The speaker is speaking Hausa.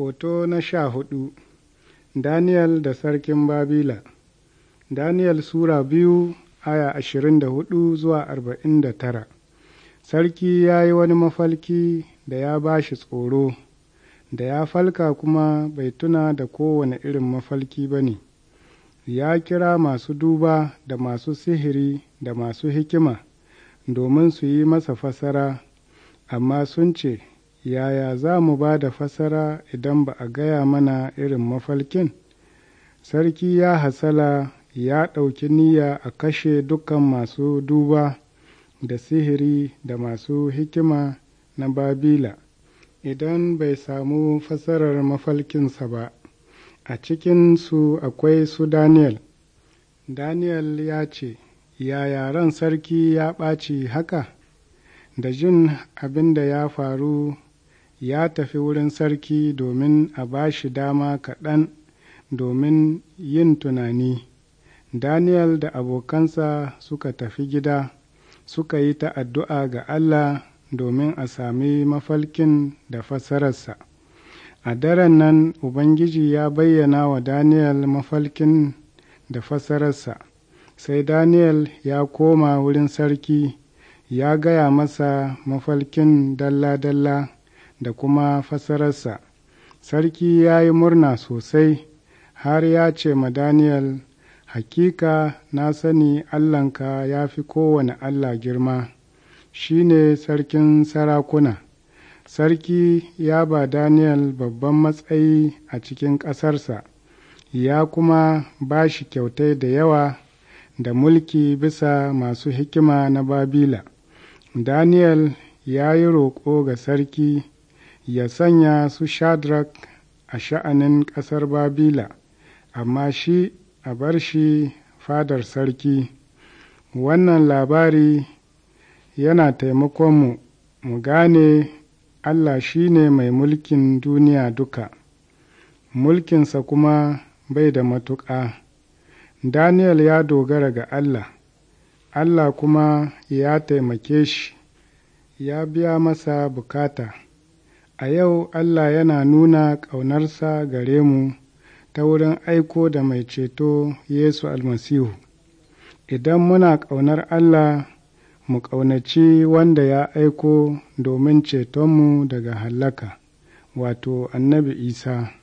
Hoto na sha hudu Daniel da Sarkin Babila Daniel Sura biyu aya ashirin da hudu zuwa arba'in da tara Sarki ya yi wani mafalki da ya ba shi tsoro, da ya falka kuma bai tuna da kowane irin mafalki ba ne, ya kira masu duba da masu sihiri da masu hikima domin su yi masa fasara, amma sun ce, yaya za mu ba da fasara idan ba a gaya mana irin mafalkin sarki ya hasala ya ɗauki niyya a kashe dukkan masu duba da sihiri da masu hikima na babila idan bai samu fasarar mafalkinsa ba a cikin su akwai su daniel daniel ya ce yaya ran sarki ya ɓaci haka da jin abin da ya faru ya tafi wurin sarki domin a ba shi dama kaɗan domin yin tunani daniel da abokansa suka tafi gida suka yi ta addu'a ga allah domin a sami mafalkin da fassararsa a daren nan ubangiji ya bayyana wa daniel mafalkin da fassararsa sai daniel ya koma wurin sarki ya gaya masa mafalkin dalla-dalla da kuma fassararsa sarki ya yi murna sosai har ya ce ma daniel hakika na sani allahnka ya fi kowane allah girma shi ne sarkin sarakuna sarki ya ba daniel babban matsayi a cikin ƙasarsa ya kuma ba shi kyautai da yawa da mulki bisa masu hikima na babila daniel ya yi roƙo ga sarki ya sanya su Shadrak a sha'anin ƙasar Babila, amma shi a bar shi fadar sarki. Wannan labari yana taimakonmu mu gane Allah shi ne mai mulkin duniya duka, mulkinsa kuma bai da matuƙa. Daniel ya dogara ga Allah, Allah kuma ya taimake shi, ya biya masa bukata. A yau Allah yana nuna ƙaunarsa gare mu ta wurin aiko da mai ceto Yesu almasihu. Idan muna ƙaunar Allah, mu ƙaunaci wanda ya aiko domin cetonmu daga hallaka, wato annabi Isa.